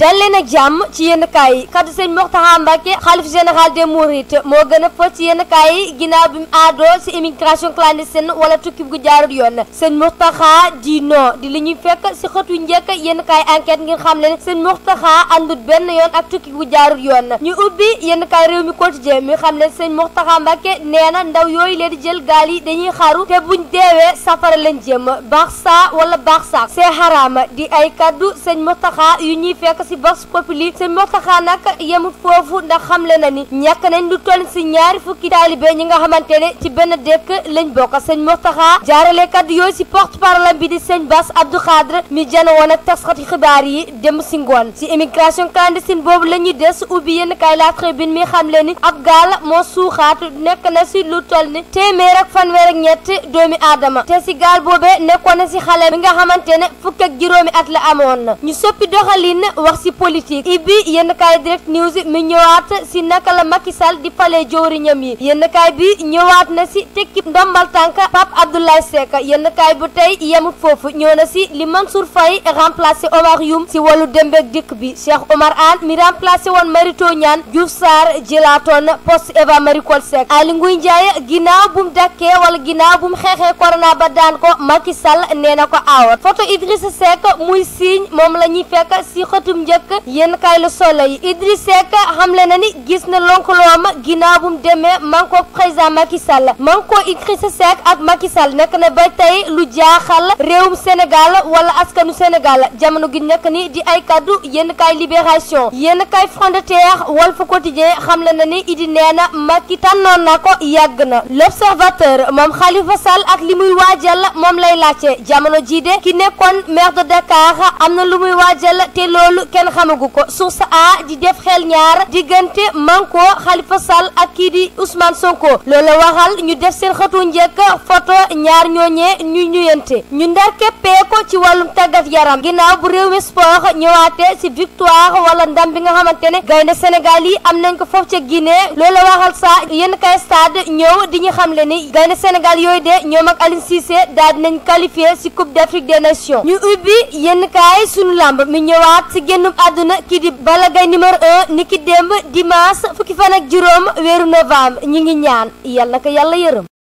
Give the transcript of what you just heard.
dal leen ak jàmm ci yenn kaay yi kaddu sëñ Mountakha Mbacké xalif général des mourides moo gën a fës ci yenn kaay yi ginnaaw bi mu ci immigration clandestine wala tukki gu jaarul yoon sëñ Mountakha di non di li ñuy fekk ci xëtu njëkk yenn kaay enquête ngir xam leen sëñ Mountakha àndut benn yoon ak tukki gu jaarul yoon ñu ubbi yenn kaay réew mi quotidien mi xam leen sëñ Mountakha Mbacké nee ndaw yooyu leen di jël gaal yi dañuy xaru te buñ deewee safara leen jëm baax saa wala baax saak c'est haram di ay kaddu sëñ Mountakha yu ñuy si Vox Populi sëñ Mountakha nag yemut foofu ndax xamle na ni ñàkk nañ lu toll si ñaari fukki taalibe ñi nga xamante ne ci benn dëkk lañ bokk sëñ Mountakha jaarale kaddu yooyu si porte parole bi di sëñ Bass Abdou Khadre mi jano woon ak taskati xibaar yi dem si ngoon si immigration clandestine boobu la ñuy des ubbi yenn kay la tribune mi xamle ni ab gaal moo suuxaatu nekk na si lu toll ni téeméer ak fanweer ak ñett doomi aadama te si gaal boobee nekkoon na si xale bi nga xamante ne fukk ak juróomi at la amoon na ñu soppi wax si politique ibbi yenn kaay direct news mi ñëwaat si naka la Macky di falee jëwriñam yi yenn kaay bi ñëwaat na si tekki ndombal tànk Pape Abdoulaye Seck yenn kaay bu tey yemut foofu ñëw na si li Mansour Faye remplacé Omar Youm si wàllu dembeek dikk bi Cheikh Omar Anne mi remplacé woon Marito Niane Diouf Sarr jëlaatoon poste Eva Marie Coll Seck Aly Ngouille ginnaaw bu mu wala ginnaaw bu xeexee corona ba daan ko Macky Sall nee na ko aawat photo Idrissa Seck muy siiñ moom la njëkk yenn kaay la solo yi Idriss xamle na ni gis na lonkaloom ginnaaw bu mu demee man ko président Macky Sall man ak Macky Sall nekk na ba tey lu jaaxal réewum Sénégal wala askanu Sénégal jamono gi nekk ni di ay kàddu yéen kaay libération yéen kaay front de terre Walf Quotidien xamle na ni Idi nee na Macky tànnoon na ko yàgg na l'observateur moom Khalifa Sall ak li muy waajal moom lay laajte jamono jii de ki nekkoon maire de am na lu muy waajal te kenn xamagu ko source a di def xel ñaar diggante Manko Khalifa Sall ak kii di Ousmane Sonko loolu la waxal ñu def seen xëtu njëkk photo ñaar ñooñee ñu ñuyante ñu ndar keppee ko ci wàllum tàggat yaram ginnaaw bu réew mi sport ñëwaate ci victoire wala ndam bi nga xamante ne gaynde Sénégal yi am nañ ko foofu ca Guinée loolu la waxal sa yenn kay stade ñëw di ñu xamle ni gaynde Sénégal yooyu de ñoom ak Aliou Cissé daal dinañ qualifié ci Coupe d'Afrique des Nations génnub àdduna kii di Balla Gaye numéro 1 ni ki fukki fan ak juróom weeru novembre ñi ngi ñaan yàlla na ko yàlla yërëm